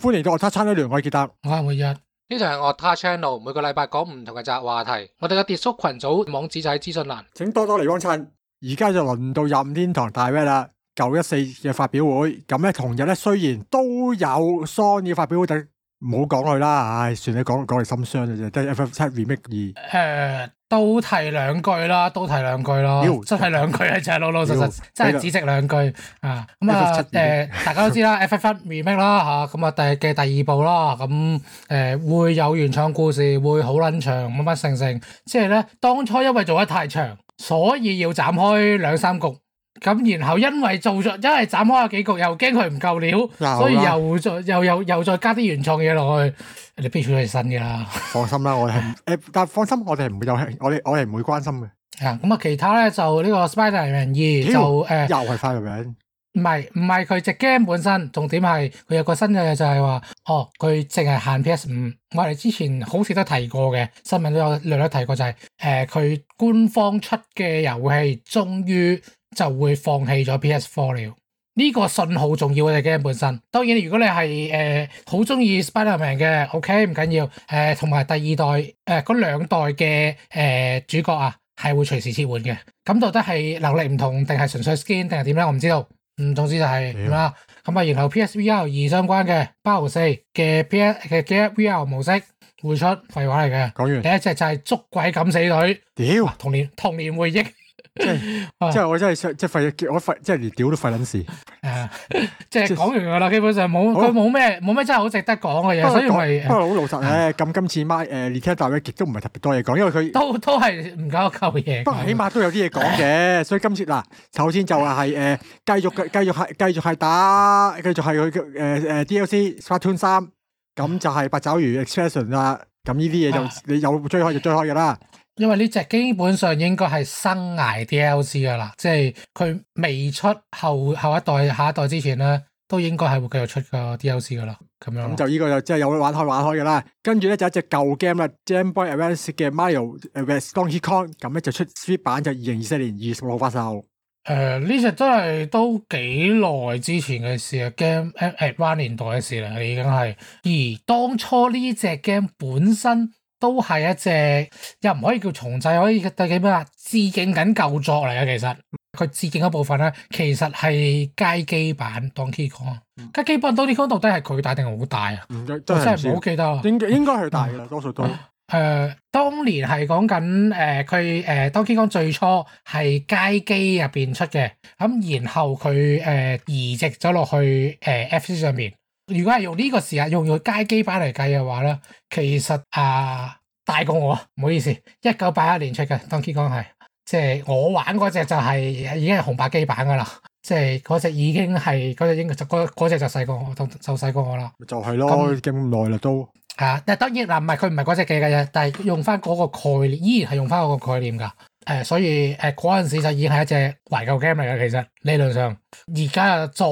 歡迎到我他 channel 梁凱答，我係末日，呢就係我他 channel 每，每個禮拜講唔同嘅雜話題，我哋嘅 Discord 群組網址就喺資訊欄，請多多嚟幫襯。而家就輪到任天堂大偉啦，九一四嘅發表會，咁咧同日咧雖然都有 Sony 發表會唔好講佢啦，唉，算你講講你心傷嘅啫。即係《F F 七 Remake 二》誒，都提兩句啦，都提兩句咯，You 真係兩句啊，真係老 You 老實實 You 真係只值兩句 you. 啊。咁、呃、啊，誒、呃，大家都知 F F 1啦，啊《F F 七 Remake》啦吓，咁啊第嘅第二部啦，咁、啊、誒、呃、會有原創故事，會好捻長乜乜剩剩，即係咧當初因為做得太長，所以要斬開兩三局。咁然後因為做咗，因為斬開咗幾局，又驚佢唔夠料，啊、所以又再、啊、又又又再加啲原創嘢落去。你必須都係新嘅啦，放心啦，我哋誒， 但放心，我哋唔會有，我哋我哋唔會關心嘅。係咁啊，其他咧就呢、這個 Spider-Man 二就誒又係翻咗嚟，唔係唔係佢隻 game 本身重點係佢有個新嘅嘢就係話哦，佢淨係限 PS5。我哋之前好似都提過嘅新聞都有略略提過，提過就係誒佢官方出嘅遊戲終於。就會放棄咗 PS4 了。呢、這個信號重要嘅 game 本身。當然，如果你係誒好、呃、中意 Spiderman 嘅，OK 唔緊要。誒、呃，同埋第二代誒嗰兩代嘅誒、呃、主角啊，係會隨時切換嘅。咁到底係能力唔同，定係純粹 skin，定係點咧？我唔知道。嗯，總之就係咁啦。咁啊了，然後 PSVR 二相關嘅包豪四嘅 PS 嘅 game VR 模式會出廢話嚟嘅。講完。第一隻就係捉鬼敢死隊。屌了、啊。童年童年回憶。即係，即係我真係即係費，我費即係連屌都費撚事。啊，即係講完噶啦，基本上冇，佢冇咩冇咩真係好值得講嘅嘢。不過我好老實，誒，咁今次 my 誒，連聽大嘅亦都唔係特別多嘢講，因為佢都都係唔夠舊嘢。不過起碼都有啲嘢講嘅，所以今次嗱，首先就係誒，繼續繼繼續係繼續係打，繼續係佢誒誒 DLC Splatoon 三，咁就係八爪魚 Expansion 啊，咁呢啲嘢就你有追開就追開噶啦。因為呢隻基本上應該係生涯 DLC 噶啦，即係佢未出後後一代下一代之前咧，都應該係會繼續出個 DLC 噶啦。咁樣，咁就呢個就即係有玩開玩開噶啦。跟住咧就是、一隻舊 game 啦，Game Boy Advance 嘅 Mario vs Donkey Kong，咁咧就出 Switch 版就二零二四年二十六發售。誒、呃，呢隻真係都幾耐之前嘅事啊！Game 誒誒，灣年代嘅事啦，已經係。而當初呢隻 game 本身。都係一隻又唔可以叫重製，可以叫點啊？致敬緊舊作嚟啊！其實佢致敬一部分咧，其實係街機版《Donkey Kong》。街機版《Donkey Kong》到底係佢大定我大？啊？真我真係唔好記得。應應該係大噶，多數都。誒、嗯呃，當年係講緊誒，佢、呃、誒《Donkey Kong》最初係街機入邊出嘅，咁然後佢誒、呃、移植咗落去誒 F C 上邊。呃如果係用呢個時間用用街機版嚟計嘅話咧，其實啊、呃、大過我，唔好意思，一九八一年出嘅，Donkey Kong 講係，即係我玩嗰隻就係、是、已經係紅白機版噶啦，即係嗰隻已經係嗰隻應該就嗰嗰隻就細過我，就就細過我啦，就係咯，開咁耐啦都係啊，但係當然嗱，唔係佢唔係嗰隻計嘅啫，但係用翻嗰個概念，依然係用翻嗰個概念噶。誒，所以誒嗰陣時就已經係一隻懷舊 game 嚟嘅。其實理論上，而家再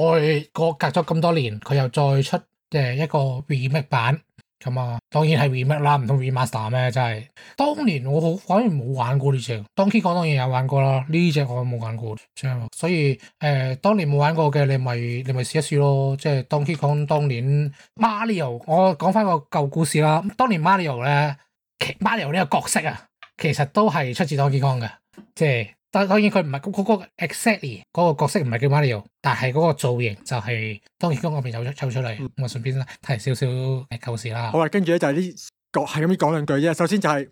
過隔咗咁多年，佢又再出誒一個 remake 版咁啊。當然係 remake 啦，唔通 remaster 咩？真係。當年我好，反而冇玩過呢隻。Donkey Kong 當然有玩過啦，呢隻我冇玩過。所以誒、呃，當年冇玩過嘅，你咪你咪試一試咯。即係 Donkey Kong 當年 Mario，我講翻個舊故事啦。當年 Mario 咧，Mario 呢個角色啊～其實都係出自 Donkey Kong 嘅，即係但當然佢唔係嗰嗰個 exactly 嗰個角色唔係叫 Mario 但係嗰個造型就係 Donkey Kong 嗰邊抽出抽出嚟咁啊，順、嗯、便提少少舊事啦。好啊、嗯，跟住咧就係呢個係咁樣講兩句啫。首先就係、是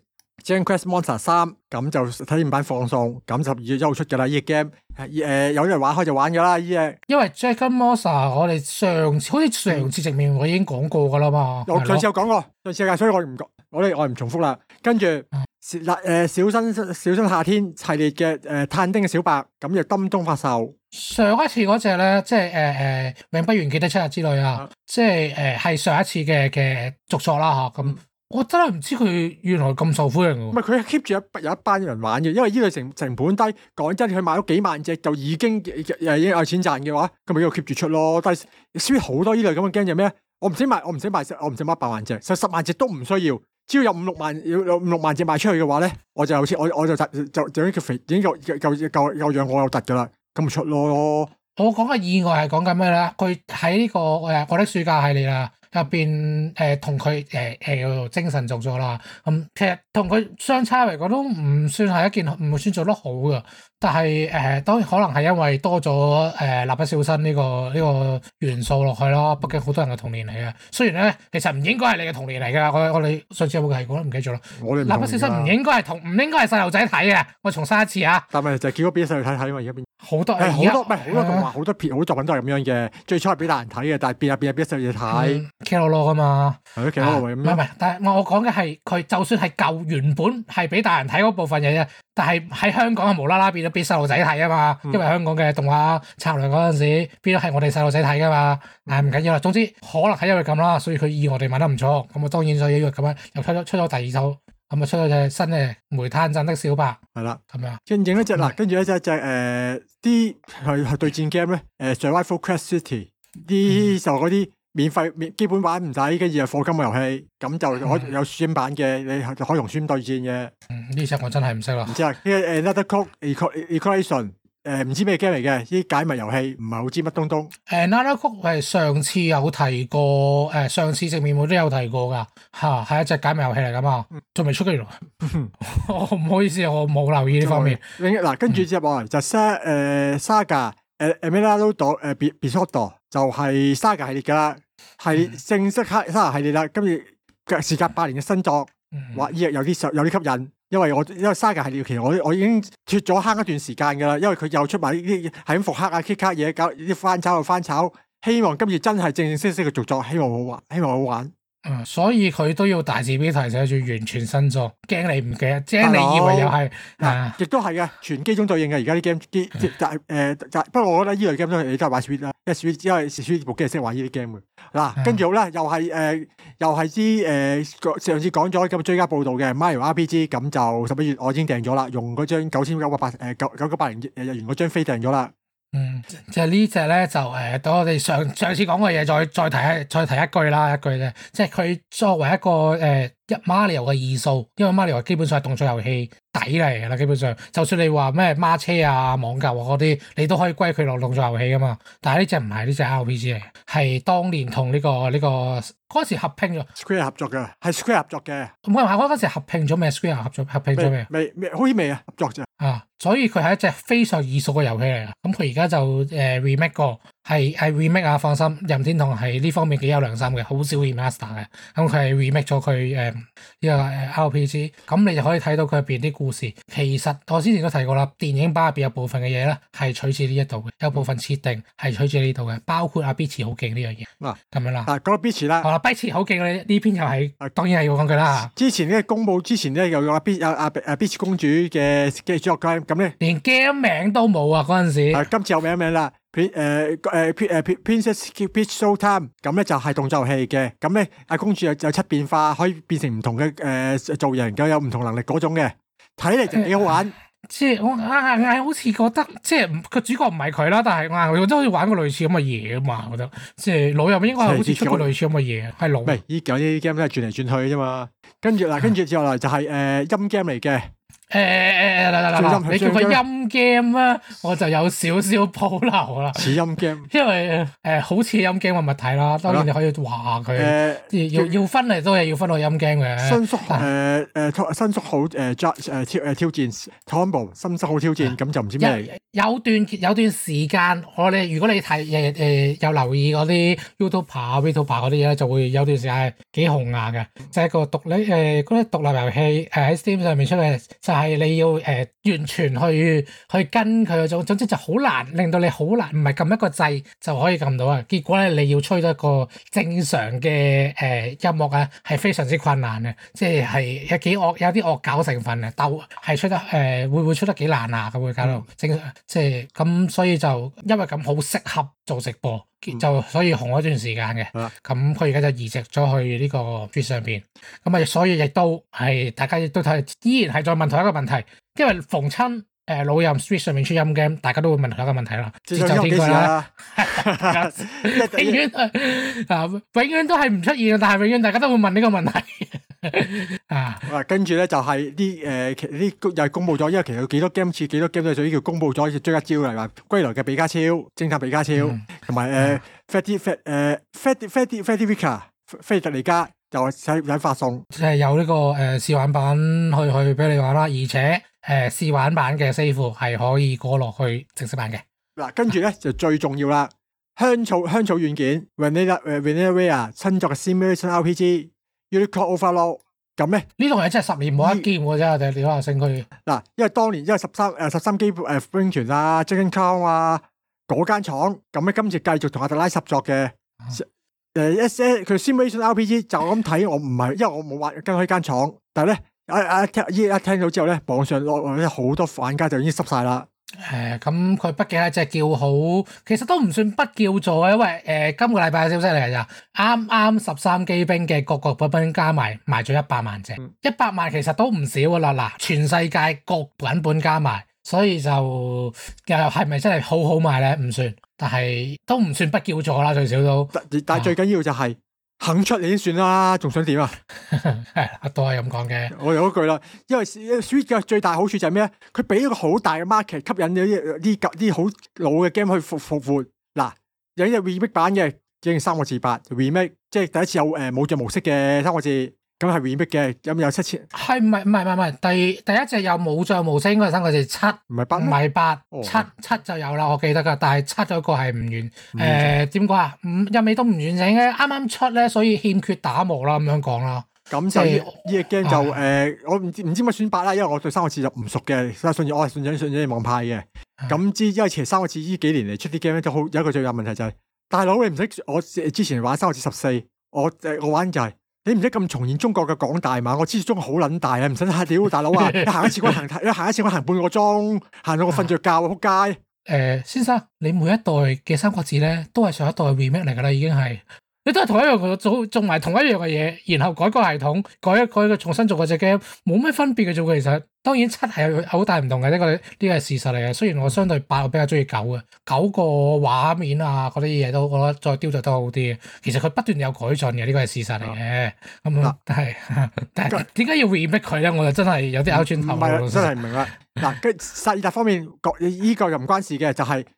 《Dragon Quest Monster 三》，咁就體驗版放送，咁十二月一號出噶啦。呢個 game 誒有人玩開就玩咗啦。呢隻因為《Dragon Quest Monster》我哋上次好似上次直面我已經講過噶啦嘛、嗯，上次有講過，上次噶，所以我唔我哋我唔重複啦。跟住。嗯嗯嗯嗯嗯嗯嗯嗯小誒，小新小新夏天系列嘅誒，炭、呃、丁嘅小白，咁就當中發售。上一次嗰隻咧，即係誒誒，永不完結的七日之旅啊，嗯、即係誒係上一次嘅嘅續作啦吓。咁我真係唔知佢原來咁受歡迎。唔係佢 keep 住有一班人玩嘅，因為呢類成成本低，講真，佢賣咗幾萬隻就已經已經有錢賺嘅話，咁咪要 keep 住出咯。但係輸好多呢類咁嘅驚就咩？我唔使賣，我唔使賣，我唔使賣百萬隻，十十萬隻都唔需要。只要有五六萬要六五六萬隻賣出去嘅話咧，我就有錢，我我就就就已經夠肥，已經夠夠夠夠養我又突噶啦，咁咪出咯。我講嘅意外係講緊咩咧？佢喺呢個誒我的暑假系列啦，入邊誒同佢誒誒精神做咗啦。咁、嗯、其實同佢相差嚟講都唔算係一件唔算做得好噶。但係誒，當然可能係因為多咗誒《蠟筆小新》呢個呢個元素落去啦，畢竟好多人嘅童年嚟嘅。雖然咧，其實唔應該係你嘅童年嚟噶。我我哋上次有冇提過咧？唔記得咗啦。蠟筆小新唔應該係同唔應該係細路仔睇嘅。我重申一次啊，但係就係變咗俾細路仔睇因為，而家好多好多唔係好多動畫好多片好多作品都係咁樣嘅。最初係俾大人睇嘅，但係變啊變啊變細路仔睇。企落落噶嘛？係企落落。唔係唔係，但係我我講嘅係佢，就算係舊原本係俾大人睇嗰部分嘢啊，但係喺香港係無啦啦變。俾細路仔睇啊嘛，因為香港嘅動畫策略嗰陣時，變都係我哋細路仔睇噶嘛。但係唔緊要啦，總之可能係因為咁啦，所以佢意外地賣得唔錯。咁啊，當然所以因為咁啊，又出咗出咗第二套，咁啊出咗隻新嘅《煤炭鎮的小白》。係啦，咁樣。再影一隻啦，跟住一隻隻誒啲係係對戰 game 咧，誒《Survival Quest City》啲就嗰啲。免費，基本玩唔使，跟住又課金嘅遊戲，咁就可有輸入版嘅，你可同輸入對戰嘅。嗯，呢隻我真係唔識啦。唔知啊，呢誒 Another Code，Rec，Recollection，誒唔知咩 game 嚟嘅，呢啲解密遊戲，唔係好知乜東東。誒 Another Code 係上次有提過，誒上次食麵糊都有提過㗎，嚇係一隻解密遊戲嚟㗎嘛，仲未出嘅原來。我唔好意思，我冇留意呢方面。嗱，跟住之後就 Sa 誒 SaGa。誒誒咩啦都到誒，別別速到就係沙格系列噶啦，係正式沙沙格系列啦。今次隔時隔八年嘅新作，哇依日有啲有啲吸引，因為我因為沙格系列其實我我已經脫咗坑一段時間噶啦，因為佢又出埋呢啲係咁復刻啊，kick 卡嘢搞啲翻炒又翻炒。希望今次真係正正式式嘅續作，希望好玩，希望好玩。所以佢都要大字表提醒住完全新作，驚你唔驚，驚你以為又係啊？亦、啊、都係嘅，全機種對應嘅。而家啲 game 機就誒，就的、呃、不過我覺得依類 game 都係你都係玩 switch 啦，因為 s w 因為部機係識玩、啊、呢啲 game 嘅。嗱，跟住好啦，又係誒、呃，又係啲誒，上次講咗咁追加報道嘅 Mario RPG，咁就十一月我已經訂咗啦，用嗰張九千九百八誒九九九八零誒入完嗰張飛訂咗啦。嗯，這個、呢就呢隻咧就誒，等、呃、我哋上上次講過嘅嘢再再提一再提一句啦，一句呢，即係佢作為一個誒。呃一 m 瑪利歐嘅異數，因為瑪利歐基本上係動作遊戲底嚟㗎喇。基本上，就算你話咩馬車啊、網球啊嗰啲，你都可以歸佢落動作遊戲㗎嘛。但係呢隻唔係呢隻 RPG 嚟，係當年同呢、這個呢、這個嗰陣時合併咗 Square 合作嘅，係 Square 合作嘅。咁係、嗯，我嗰陣時合併咗咩 Square 合作？合併咗咩？未，好似未啊，合作咋？啊，所以佢係一隻非常異數嘅遊戲嚟嘅。咁佢而家就誒、呃、remake 過。係係 remake 啊，放心，任天堂係呢方面幾有良心嘅，好少 remaster 嘅，咁佢係 remake 咗佢誒呢個誒 RPG，咁你就可以睇到佢入邊啲故事。其實我之前都提過啦，電影版入邊有部分嘅嘢咧係取自呢一度嘅，有部分設定係取自呢度嘅，包括阿 Peach 好勁呢樣嘢。嗱咁樣啦，嗱講到 Peach 啦，好阿 Peach 好勁，呢呢篇又喺，當然係要講佢啦嚇。之前咧公佈之前咧，有阿 B 有阿阿 Peach 公主嘅 game 咁咧，連 game 名都冇啊嗰陣時。今次有 game 名啦。誒誒誒 Princess Peach Showtime 咁咧就係動作遊戲嘅，咁咧阿公主有有七變化，可以變成唔同嘅誒造型，又有唔同能力嗰種嘅，睇嚟就幾好玩。即係我啊，好似覺得即係個主角唔係佢啦，但係我真係好似玩過類似咁嘅嘢啊嘛，我覺得即係腦入邊我好似玩過類似咁嘅嘢，係腦。咪呢啲 game 都係轉嚟轉去啫嘛，跟住嗱，跟住之後嚟就係誒音 game 嚟嘅。誒誒誒嗱嗱嗱！你叫佢音 game 啦， 我就有少少保留啦。似音 game。因為誒、欸、好似音 game 咁物體啦，當然你可以話佢。欸、要要分嚟都係要分落音 game 嘅。新宿誒誒新宿好誒、呃、挑誒挑誒挑戰。Trombone。新宿好挑戰，咁就唔知咩。有段有段時間，我哋，如果你睇誒誒有留意嗰啲 YouTuber 啊、Vtuber 嗰啲嘢，就會有段時間係幾紅牙嘅，就係、一個獨立誒嗰啲獨立遊戲誒喺 Steam 上面出嚟。係你要誒、呃、完全去去跟佢嗰種，總之就好難令到你好難，唔係撳一個掣就可以撳到啊！結果咧，你要吹到一個正常嘅誒、呃、音樂啊，係非常之困難嘅，即係係有幾惡有啲惡搞成分啊！但係出得誒、呃、會唔會出得幾難啊？咁會搞到正、嗯、即係咁，所以就因為咁好適合做直播。就所以紅嗰段時間嘅，咁佢而家就移植咗去呢個 Switch 上邊，咁啊所以亦都係大家亦都睇，依然係再問同一個問題，因為逢親誒老任 Switch 上面出音 game，大家都會問同一個問題啦，節奏天國啦？永遠啊，永遠都係唔出現，但係永遠大家都會問呢個問題。啊！嗱，跟住咧就係啲誒，其啲又係公布咗，因為其實有幾多 game 次，幾多 game 都屬於叫公布咗，追一招嚟話歸來嘅比加超，偵探比加超，同埋誒，Fatie Fat 誒，Fatie Fatie Fatie v i c a 菲特尼加又使使發送，即係有呢個誒試玩版去去俾你玩啦，而且誒試玩版嘅 save 係可以過落去正式版嘅。嗱，跟住咧就最重要啦，香草香草軟件 v a n i a Vanilla Ria，新作嘅 Simulation R P G。Unicorn Overlord 咁咧？呢度嘢真係十年冇一見嘅啫，定你可能升佢。嗱，因為當年因為十三誒十三機誒防衛圈啊，Jenka 啊嗰間廠，咁咧今次繼續同阿特拉合作嘅誒一些佢 simulation RPG 就咁睇，我唔係，因為我冇話跟開間廠，但係咧阿阿聽依一聽到之後咧，網上落落咗好多玩家就已經濕晒啦。誒，咁佢畢竟係只叫好，其實都唔算不叫座啊。因為誒、呃、今個禮拜嘅消息嚟，就係，啱啱十三機兵嘅各個版本，本加埋賣咗一百萬隻，一百萬其實都唔少啦。嗱，全世界各版本，本加埋，所以就又係咪真係好好賣咧？唔算，但係都唔算不叫座啦，最少都。但係最緊要就係、是。啊肯出已經算啦，仲想點 啊？阿多係咁講嘅，我有一句啦。因為 s w 嘅最大好處就係咩咧？佢俾一個好大嘅 market 吸引咗啲舊啲好老嘅 game 去復復活。嗱，有一隻 r e m a k 版嘅，已經三個字八 r e m a k 即係第一次有誒冇像模式嘅三個字。咁係完畢嘅，有冇有，有七千？係唔係唔係唔係唔係？第第一隻有冇盡模式應該係三國志七，唔係八，唔係八，哦、七七就有啦，我記得噶。但係七咗個係唔完，誒點講啊？唔一味都唔完整嘅，啱啱出咧，所以欠缺打磨啦，咁樣講啦。咁就呢、就是、個 game 就誒、嗯呃，我唔唔知乜選八啦，因為我對三國志就唔熟嘅，所以順我係順住順住望派嘅。咁之、嗯、因為前三國志呢幾年嚟出啲 game 咧，就好有一個最有問題就係、是、大佬你唔識我之前玩三國志十四，我我玩就係、是。你唔使咁重現中國嘅廣大嘛？我知中國好撚大啊！唔使吓，屌大佬啊！行一次我行， 行一次我行半個鐘，行到我瞓着覺啊！仆街！誒，先生，你每一代嘅三國志咧，都係上一代嘅 remake 嚟噶啦，已經係。你都係同一樣做，做埋同一樣嘅嘢，然後改個系統，改一改個重新做嗰隻 game，冇咩分別嘅做其實。當然七係好大唔同嘅呢、這個，呢、這個係事實嚟嘅。雖然我相對八我比較中意九嘅，九個畫面啊嗰啲嘢都我覺得再雕琢得好啲嘅。其實佢不斷有改進嘅，呢、這個係事實嚟嘅。咁、嗯、啊，係、呃。但係點解要 remake 佢咧？我就真係有啲拗轉頭咯、呃。唔係，真係唔明啊。嗱、呃，跟塞爾達方面，依、這個又唔關事嘅，就係、是、誒、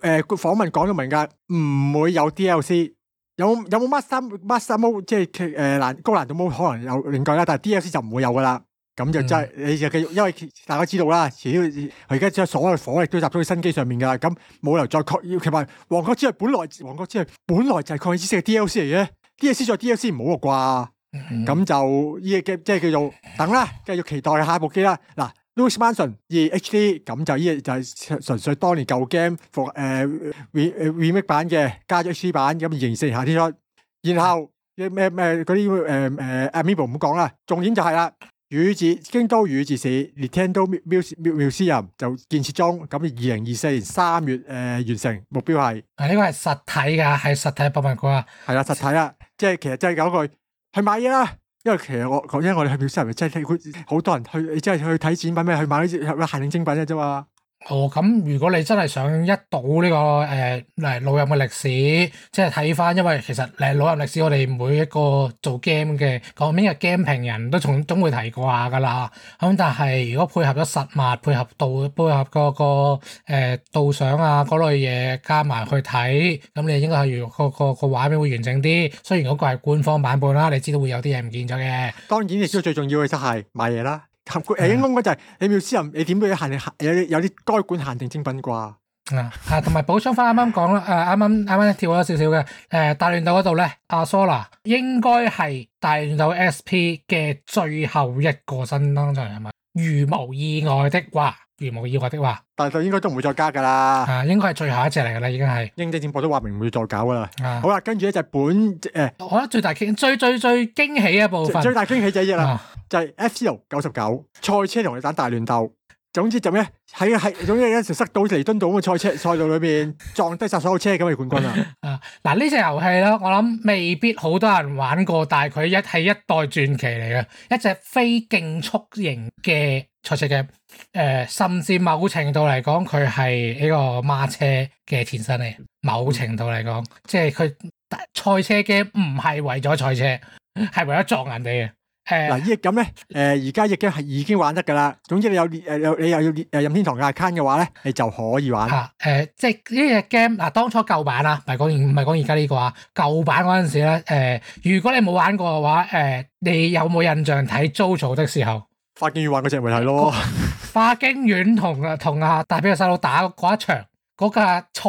呃、訪問講咗明噶，唔會有 DLC。有有冇 Master Master Mode 即係誒難高難度模可能有另計啦，但係 DLC 就唔會有噶啦。咁就真係你就繼續，因為大家知道啦。佢，而家即係所有嘅火力都集中喺新機上面噶，咁冇理由再擴。其實王國之淚本來王國之淚本來就係曠野之息嘅 DLC 嚟嘅，DLC 再 DLC 唔好啦啩。咁就呢個即係叫做等啦，繼續期待下一部機啦。嗱。Luigi's Mansion 2 HD，咁就依個就係純純粹當年舊 game 復誒 rem remake 版嘅，加咗 HD 版，咁二零二四年夏天出。然後誒誒誒嗰啲誒誒阿 Mibo 唔好講啦，重點就係啦，宇治京都宇治市 NintendoMu Mu Mu Museum 就建設中，咁二零二四年三月誒完成，目標係。啊，呢個係實體噶係實體博物館啊。係啦，實體啊，即係其實就係嗰句，係買嘢啦。因為其實我，因為我哋去廟市係咪即係佢好多人去，即係去睇展品咩，去買啲限定精品嘅咋嘛。哦，咁如果你真係想一睹呢、這個誒誒老任嘅歷史，即係睇返，因為其實誒老任歷史我哋每一個做 game 嘅嗰邊嘅 game 評人都總都會提過下㗎啦。咁但係如果配合咗實物，配合導配合、那個個誒導賞啊嗰類嘢加埋去睇，咁你應該係如個、這個畫、這個、面會完整啲。雖然嗰個係官方版本啦，你知道會有啲嘢唔見咗嘅。當然，你知道最重要嘅就係買嘢啦。誒，應該就係、是、你要私人，你點都要限定限有有啲該管限定精品啩 、啊呃呃。啊，同埋補充翻啱啱講啦，誒，啱啱啱啱跳咗少少嘅，誒，大亂鬥嗰度咧，阿 Sora 應該係大亂鬥 SP 嘅最後一個新登場人物，如無意外的話。如無意外的話，但係就應該都唔會再加噶啦。啊，應該係最後一隻嚟噶啦，已經係。英資電報都話明唔會再搞噶啦。啊，好啦，跟住咧就本誒，我諗最大驚、最最最驚喜嘅部分。最大驚喜就係隻啦，就係 F Zero 九十九賽車同你打大亂鬥，總之就咩？喺喺總之有時塞到、尼敦島咁嘅賽車賽道裏邊撞低晒所有車咁嘅冠軍啊。啊，嗱呢隻遊戲咧，我諗未必好多人玩過，但係佢一係一代傳奇嚟嘅，一隻非競速型嘅。賽車 game，誒、呃，甚至某程度嚟講，佢係呢個孖車嘅前身嚟。某程度嚟講，即係佢，賽車 game 唔係為咗賽車，係為咗撞人哋嘅。誒、呃，嗱，呢隻 game 咧，誒，而家呢隻 game 係已經玩得噶啦。總之你有，誒，有你又要，誒，任天堂嘅 account 嘅話咧，你就可以玩。吓、啊，誒、呃，即係呢隻 game，嗱，當初舊版啊，唔係講而唔係講而家呢個啊，舊版嗰陣時咧，誒、呃，如果你冇玩過嘅話，誒、呃，你有冇印象睇《JoJo》的時候？花京院玩嗰隻咪係咯，花京院同啊同啊達比嘅細佬打嗰一場，嗰架賽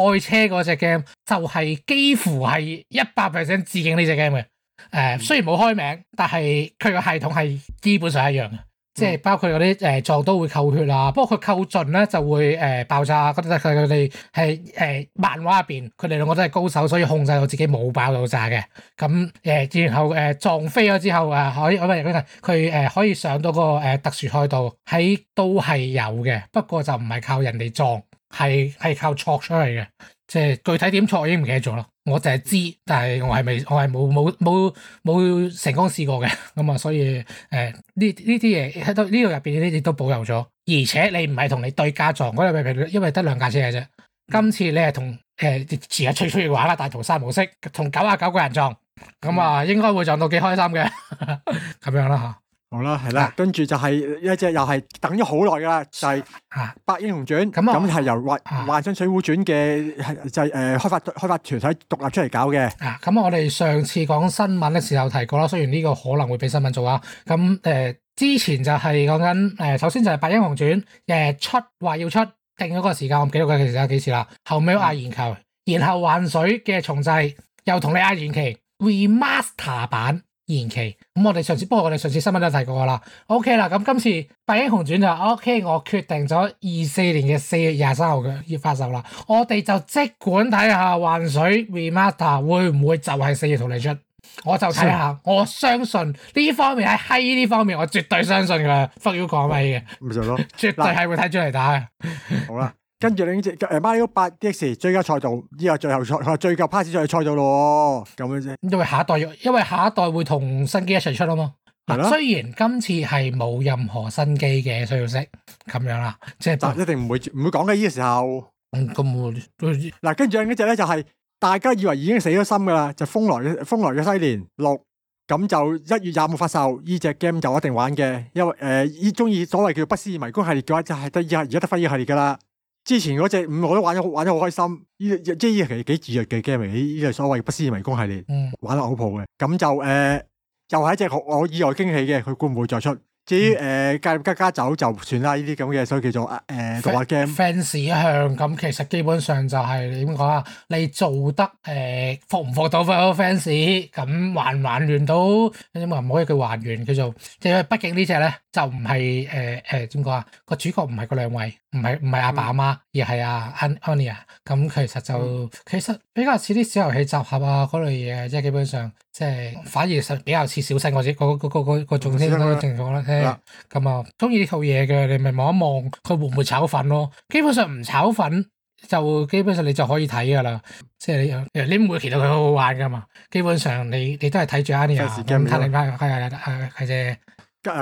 車嗰隻 game 就係幾乎係一百 percent 致敬呢隻 game 嘅，誒、呃、雖然冇開名，但係佢個系統係基本上一樣嘅。即係包括嗰啲誒撞都會扣血啊，不過佢扣盡咧就會誒爆炸。咁但佢哋係誒漫畫入邊，佢哋兩個都係高手，所以控制到自己冇爆到炸嘅。咁誒，然後誒撞飛咗之後啊，可以，唔係佢誒可以上到嗰個誒特殊開道，喺都係有嘅，不過就唔係靠人哋撞，係係靠挫出嚟嘅。即係具體點錯我已經唔記得咗咯，我淨係知，但係我係未，我係冇冇冇冇成功試過嘅，咁、嗯、啊所以誒呢呢啲嘢，喺度呢度入邊呢啲都保留咗，而且你唔係同你對家撞，嗰日咪因為得兩架車嘅啫，今次你係同誒自己出出嚟玩啦，大逃殺模式同九啊九十九個人撞，咁、嗯、啊、嗯、應該會撞到幾開心嘅，咁 樣啦吓。好啦，係啦，哦，跟住就係、是、一隻又係等咗好耐噶啦，就係《百英雄傳》，咁係由幻幻想水滸傳嘅就係誒開發開發團體獨立出嚟搞嘅。啊，咁我哋上次講新聞嘅時候提過啦，雖然呢個可能會俾新聞做啊。咁、嗯、誒、呃，之前就係講緊誒，首先就係《百英雄傳》呃，誒出話要出，定咗個時間，我唔記得嘅時間幾時啦？後尾嗌言求，然後幻水嘅重製，又同你嗌言期 remaster 版。延期我哋上次，不過我哋上次新聞都提過啦。OK 啦，咁今次《百英雄傳》就 OK，我決定咗二四年嘅四月廿三號要發售啦。我哋就即管睇下幻水 Remaster 會唔會就係四月同你出，我就睇下。的我相信呢方面喺嘿呢方面，我絕對相信嘅，you, 的不要講嘅。咪就咯，絕對係會睇出嚟打嘅。 好啦。跟住呢隻誒，Mario 8 DX 追加賽道，依個最後賽，追加 Pass 嘅賽道咯。咁樣啫。因為下一代，因為下一代會同新機一齊出啦嘛。係咯。雖然今次係冇任何新機嘅需要識咁樣啦，即係。但一定唔會唔會講嘅呢個時候。咁嗱，跟住呢隻咧就係大家以為已經死咗心噶啦，就風來嘅風來嘅西連六，咁就一月廿五發售，依隻 game 就一定玩嘅，因為誒依中意所謂叫做不思議迷宮系列嘅話，就係得而家得翻依系列噶啦之前嗰隻，我都玩咗，玩咗好開心。依即係依期幾自虐嘅 game 嚟，依類所謂不思議迷宮系列，玩到 out 鋪嘅。咁就誒，又係一隻我意外驚喜嘅，佢會唔會再出？至於誒，加加加走就算啦。依啲咁嘅所以叫做誒圖畫 game，fans 一向咁其實基本上就係點講啊？你做得誒服唔服到嗰個 fans？咁還唔還原到？唔好一句還原，叫做即係畢竟呢隻咧。就唔係誒誒點講啊？個主角唔係嗰兩位，唔係唔係阿爸阿媽，媽，而係阿 An Ania、嗯。咁其實就其實比較似啲小遊戲集合啊嗰類嘢，即、就、係、是、基本上即係、就是、反而實比較似小生或者嗰嗰嗰嗰嗰種啲咁嘅情況啦。咁、就、啊、是，中、嗯、意呢套嘢嘅你咪望一望佢會唔會炒粉咯？基本上唔炒粉就基本上你就可以睇噶啦。即、就、係、是、你你唔會期待佢好好玩噶嘛？基本上你你都係睇住 Ania，睇、嗯、睇翻係係係嘅。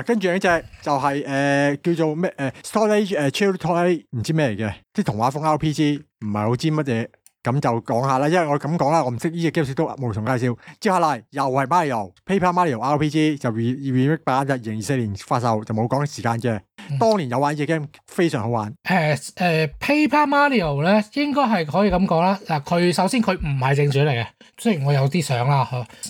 跟住呢隻就係誒叫做咩誒 Story 誒 Chill Toy 唔知咩嚟嘅即係童話風 RPG 唔係好知乜嘢，咁就講下啦。因為我咁講啦，我唔識呢隻 game，都無從介紹。接下嚟又係 Mario Paper Mario RPG，就二二零八日二零二四年發售，就冇講時間啫。當年有玩呢隻 game，非常好玩。誒誒，Paper Mario 咧應該係可以咁講啦。嗱，佢首先佢唔係正傳嚟嘅，雖然我有啲想啦，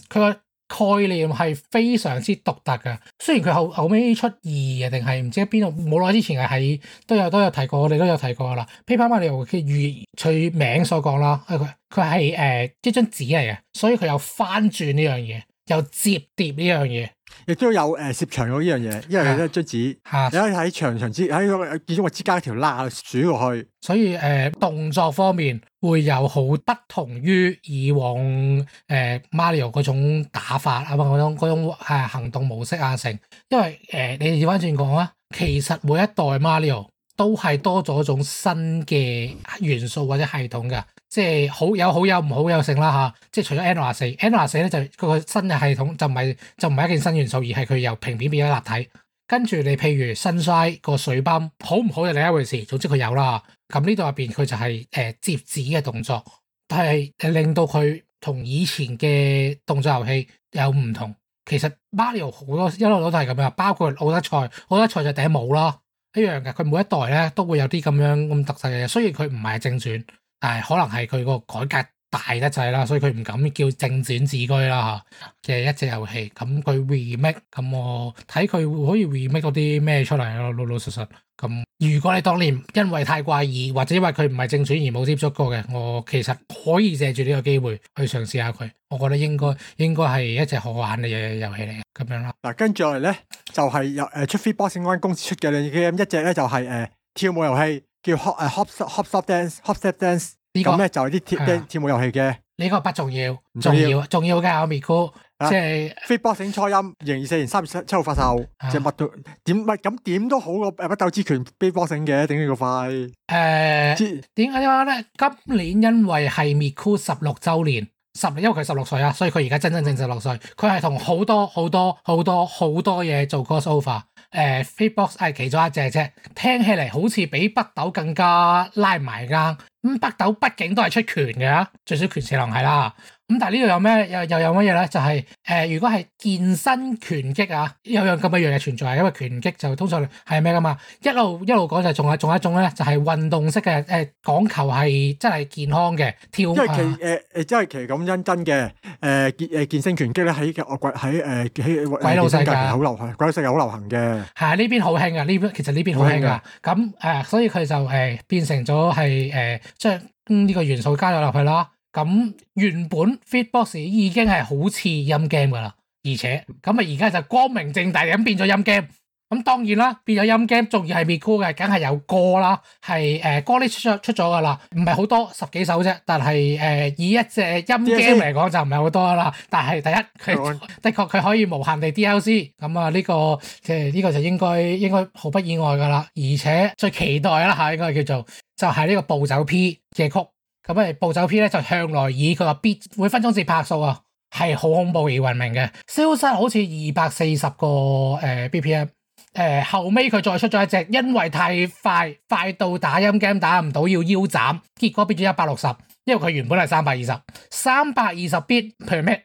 佢個。概念係非常之獨特㗎。雖然佢後後尾出二定係唔知喺邊度，冇耐之前係喺都有都有提過，我哋都有提過啦。Paper Mario 嘅如取名所講啦，佢佢係誒一張紙嚟嘅，所以佢有翻轉呢樣嘢，有摺疊呢樣嘢，亦都有誒、呃、涉場咗呢樣嘢，因為都係一張紙。嚇、啊！啊、你可以喺長長之喺嗰件中間加條罅，鼠落去。所以誒、呃、動作方面。會有好不同於以往誒、呃、Mario 嗰種打法種種啊，嗰種嗰種行動模式啊，成，因為誒、呃、你哋調翻轉講啊，其實每一代 Mario 都係多咗種新嘅元素或者系統嘅，即係好有好有唔好有性啦吓，即係除咗 N 六十四，N 六十四咧就佢、這個新嘅系統就唔係就唔係一件新元素，而係佢由平面變咗立體，跟住你譬如新 Sunshine 個水泵好唔好就另一回事，總之佢有啦。咁呢度入邊佢就係誒折紙嘅動作，但係誒令到佢同以前嘅動作遊戲有唔同。其實 Mario 好多一路都係咁樣，包括奧德賽，奧德賽就頂帽啦一樣嘅。佢每一代咧都會有啲咁樣咁特色嘅嘢。雖然佢唔係正傳，但係可能係佢個改革大得滯啦，所以佢唔敢叫正傳自居啦嚇嘅一隻遊戲。咁、嗯、佢 remake，咁、嗯、我睇佢可以 remake 多啲咩出嚟啊？老老實實。咁如果你當年因為太怪異，或者因為佢唔係正選而冇接觸過嘅，我其實可以借住呢個機會去嘗試下佢，我覺得應該應該係一隻好玩嘅遊戲嚟嘅，咁樣啦。嗱，跟住落嚟咧就係、是、有誒，出 Freebox i n 呢間公司出嘅呢啲 game，一隻咧就係、是、誒、呃、跳舞遊戲，叫 Hop 誒、uh, Hop Hop Stop Dance，Hop Step Dance，呢咁咧就係啲跳、啊、跳舞遊戲嘅。呢個不重要，重要重要噶，Miku、啊，啊、即係是 Fit Boxing 整初音，二零二四年三月七七號發售，啊、即係乜都點咪咁點都好過北斗之拳 Fit Boxing 整嘅整呢個塊，誒，點解咧？今年因為係 Miku 十六周年，十因為佢十六歲啊，所以佢而家真真正正十六歲，佢係同好多好多好多好多嘢做 cross over，誒、呃、，Fit Boxing 係其中一隻啫，聽起嚟好似比北斗更加拉埋啱。咁北斗畢竟都係出拳嘅，最少拳四郎係啦。咁但係呢度有咩又又有乜嘢咧？就係、是、誒、呃，如果係健身拳擊啊，有樣咁嘅樣嘅存在，因為拳擊就通常係咩噶嘛？一路一路講就仲係仲有一種咧，就係運動式嘅，誒、講、呃、求係真係健康嘅跳舞，即係其、誒、誒、即、呃、係、啊、其實咁、呃、真真嘅、誒、健、誒、健身拳擊咧，喺、呃、我、呃、呃、鬼喺、誒、喺鬼佬世界好流行，鬼佬世界好流行嘅。係啊，呢邊好興啊，呢邊其實呢邊好興噶。咁、誒、呃，所以佢就、誒、變成咗係、誒、將呢個元素加入落去咯。咁原本 Fitbox 已經係好似音 game 㗎啦，而且咁啊而家就光明正大咁變咗音 game。咁當然啦，變咗音 game 仲要係 Miku 嘅，梗係有歌啦，係誒歌呢出咗出咗㗎啦，唔係好多十幾首啫，但係誒、呃、以一隻音 game 嚟講就唔係好多啦。但係第一佢的確佢可以無限地 DLC，咁啊呢、這個即係呢個就應該應該毫不意外㗎啦。而且最期待啦嚇，應該叫做就係、是、呢個暴走 P 嘅曲。咁誒步走 P 咧就向來，以佢話 beat 每分鐘攝拍數啊，係好恐怖而聞名嘅。消失好似二百四十個誒、呃、BPM，誒、呃、後尾佢再出咗一隻，因為太快快到打音 game 打唔到要腰斬，結果變咗一百六十，因為佢原本係三百二十，三百二十 beat per minute。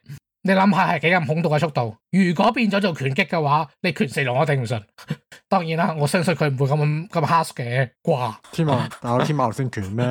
你諗下係幾咁恐怖嘅速度？如果變咗做拳擊嘅話，你拳四郎我頂唔順。當然啦，我相信佢唔會咁咁 hard 嘅，啩？天馬，但我天馬流星拳咩？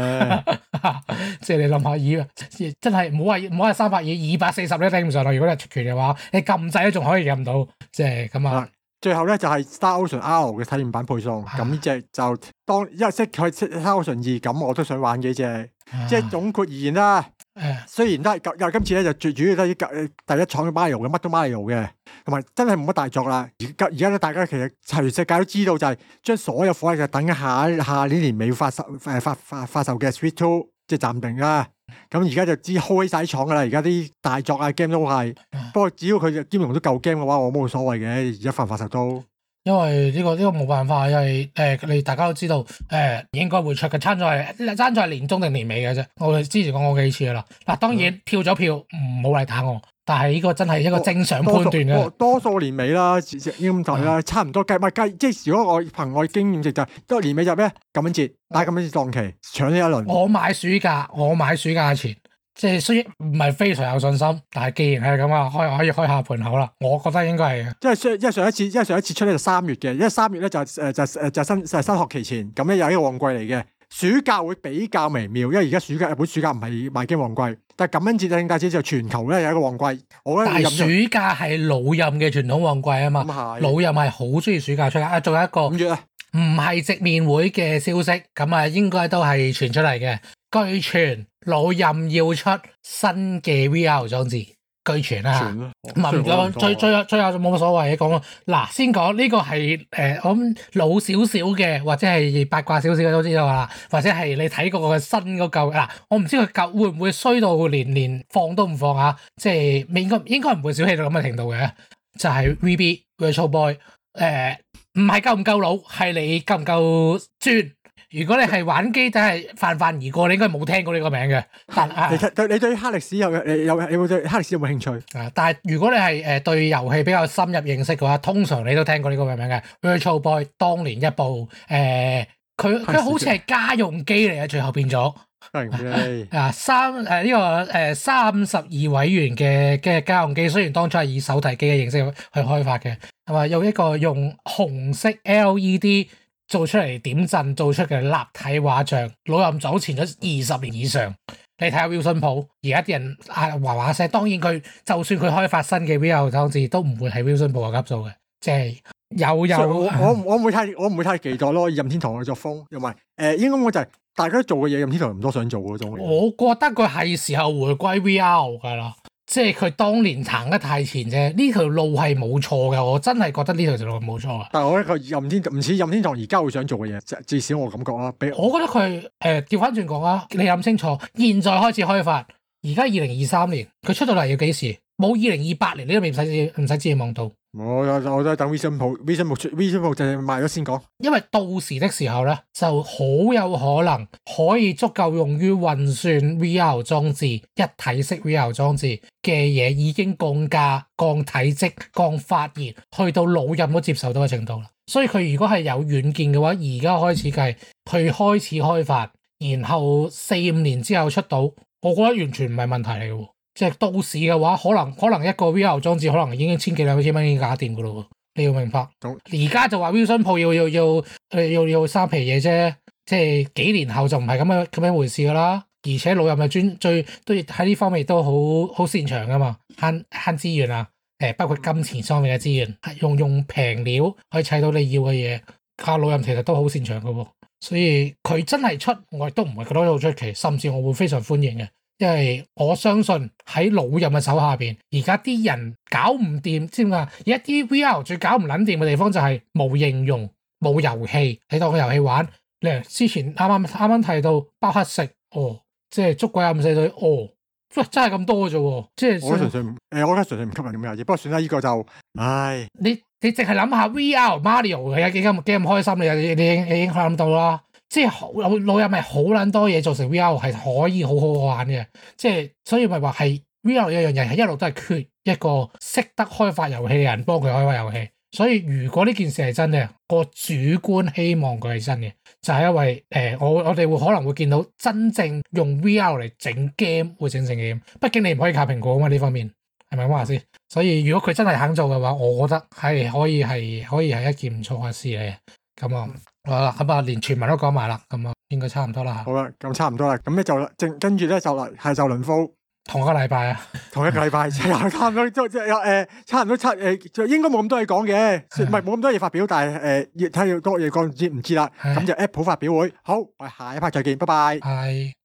即係 你諗下，二真係唔好話唔好話三百二二百四十都頂唔順啦。如果係出拳嘅話，你撳掣都仲可以撳到，即係咁啊。最後咧就係 Star Ocean R 嘅體驗版配送，咁呢隻就當因為識佢 Star Ocean 二，咁我都想玩幾隻，啊、即係總括而言啦。啊、雖然都係今次咧就最主要都係第一廠嘅 Mario 嘅，乜都 Mario 嘅，同埋真係冇乜大作啦。而家而家咧大家其實全世界都知道就係將所有火力等一下下呢年，年尾發售誒發發發售嘅 Switch Two 即係暫定啦。咁而家就知開晒廠噶啦，而家啲大作啊，game 都係，嗯、不過只要佢兼容都夠 game 嘅話，我冇所謂嘅，而家發唔發實都因為呢、這個呢、這個冇辦法，因為誒、呃，你大家都知道誒、呃，應該會出嘅爭在，爭在係年中定年尾嘅啫。我哋之前講過幾次啦，嗱，當然、嗯、票咗票唔好嚟打我。但係呢個真係一個正常判斷啊！多數年尾啦，要咁頭啦，差唔多計唔計？即係如果我憑我經驗嚟就係，都年尾就咩？感恩節，但係感恩節檔期搶咗一輪。我買暑假，我買暑假前，即係雖然唔係非常有信心，但係既然係咁啊，可以可以開下盤口啦。我覺得應該係，因為上因為上一次因為上一次出咧就三月嘅，因為三月咧就誒就誒就新就新學期前，咁咧又係一個旺季嚟嘅。暑假會比較微妙，因為而家暑假日本暑假唔係賣機旺季，但係感恩節、聖誕節就全球咧有一個旺季。我咧大暑假係老任嘅傳統旺季啊嘛，是老任係好中意暑假出街啊。仲有一個五月，唔係直面會嘅消息，咁啊應該都係傳出嚟嘅。據傳老任要出新嘅 VR 裝置。俱全啦、啊、嚇，文咯、哦、不最最最又冇乜所謂嘅講。嗱、啊，先講呢、這個係誒、呃，我諗老少少嘅，或者係八卦少少嘅都知道啦，或者係你睇過嘅新嗰嚿。嗱、啊，我唔知佢嚿會唔會衰到年年放都唔放啊！即係應該應該唔會小氣到咁嘅程度嘅，就係、是、V B Virtual Boy？誒、呃，唔係夠唔夠老，係你夠唔夠專。如果你係玩機，都係泛泛而過，你應該冇聽過呢個名嘅。其實對你對黑歷史有誒有有冇對黑歷史有冇興趣？啊！但係如果你係誒對遊戲比較深入認識嘅話，通常你都聽過呢個名嘅。Virtual Boy 當年一部誒，佢、欸、佢好似係家用機嚟嘅，最後變咗。係 啊，三誒呢個誒三十二位元嘅嘅家用機，雖然當初係以手提機嘅形式去開發嘅，係咪有一個用紅色 LED？做出嚟點陣做出嘅立體畫像，老任早前咗二十年以上。你睇下 Wilson 普，而家啲人啊畫畫聲，當然佢就算佢開發新嘅 VR 裝置，都唔會係 Wilson 普嘅級數嘅，即係有有。我我唔會太我唔會太期待咯。任天堂嘅作風又唔係誒，應該我就係、是、大家做嘅嘢，任天堂唔多想做嗰種。我覺得佢係時候回歸 VR 㗎啦。即係佢當年行得太前啫，呢條路係冇錯嘅，我真係覺得呢條路係冇錯。但係我覺得佢任天堂唔似任天堂而家會想做嘅嘢，至少我感覺啦。我覺得佢誒調返轉講啦，你諗清楚，現在開始開發，而家二零二三年，佢出到嚟要幾時？冇二零二八年，你都未唔使唔使指意望到。我又我都等 vision 部 vision 部出 vision 部就係賣咗先講，因為到時的時候咧，就好有可能可以足夠用於運算 VR 裝置一體式 VR 裝置嘅嘢，已經降價、降體積、降發熱，去到老任都接受到嘅程度啦。所以佢如果係有軟件嘅話，而家開始計，佢開始開發，然後四五年之後出到，我覺得完全唔係問題嚟嘅。即係都市嘅話，可能可能一個 VR 裝置可能已經千幾兩千蚊已經搞掂噶咯喎。你要明白，而家就話 v i s o n 鋪要要要要要三皮嘢啫，即係幾年後就唔係咁樣咁樣回事噶啦。而且老任嘅專最都喺呢方面都好好擅長噶嘛，慳慳資源啊，誒包括金錢上面嘅資源，用用平料去砌到你要嘅嘢，靠老任其實都好擅長噶喎、啊。所以佢真係出我亦都唔係覺得好出奇，甚至我會非常歡迎嘅。因為我相信喺老任嘅手下邊，而家啲人搞唔掂，知唔知啊？而家啲 VR 最搞唔撚掂嘅地方就係冇應用、冇遊戲，你當個遊戲玩。咧之前啱啱啱啱提到包黑食，哦，即係捉鬼暗五四隊，哦，喂，真係咁多啫喎，即係就。我都純粹誒，我覺得純粹唔吸引咁嘅嘢，不過算啦，呢、這個就唉、哎。你你淨係諗下 VR Mario 係幾咁幾咁開心嚟你，你，你，你，你，你已諗唔諗唔諗唔到啦？即係好老友咪好撚多嘢做成 VR 係可以好好玩嘅，即係所以咪話係 VR 一樣嘢係一路都係缺一個識得開發遊戲嘅人幫佢開發遊戲。所以如果呢件事係真嘅，個主觀希望佢係真嘅，就係、是、因為誒、呃、我我哋會可能會見到真正用 VR 嚟整 game 會整成嘅。畢竟你唔可以靠蘋果啊嘛，呢方面係咪咁話先？所以如果佢真係肯做嘅話，我覺得係可以係可以係一件唔錯嘅事嚟嘅咁啊。好啦，咁啊、嗯，連全文都講埋啦，咁啊，應該差唔多啦。好啦，咁差唔多啦，咁咧就正跟住咧就係就輪鋪同一個禮拜啊，同一個禮拜 差唔多即係誒，差唔多七誒，就應該冇咁多嘢講嘅，唔係冇咁多嘢發表，但係誒越睇越多嘢講唔知唔知啦，咁 就 Apple 發表會好，我哋下一 part 再見，拜拜。係。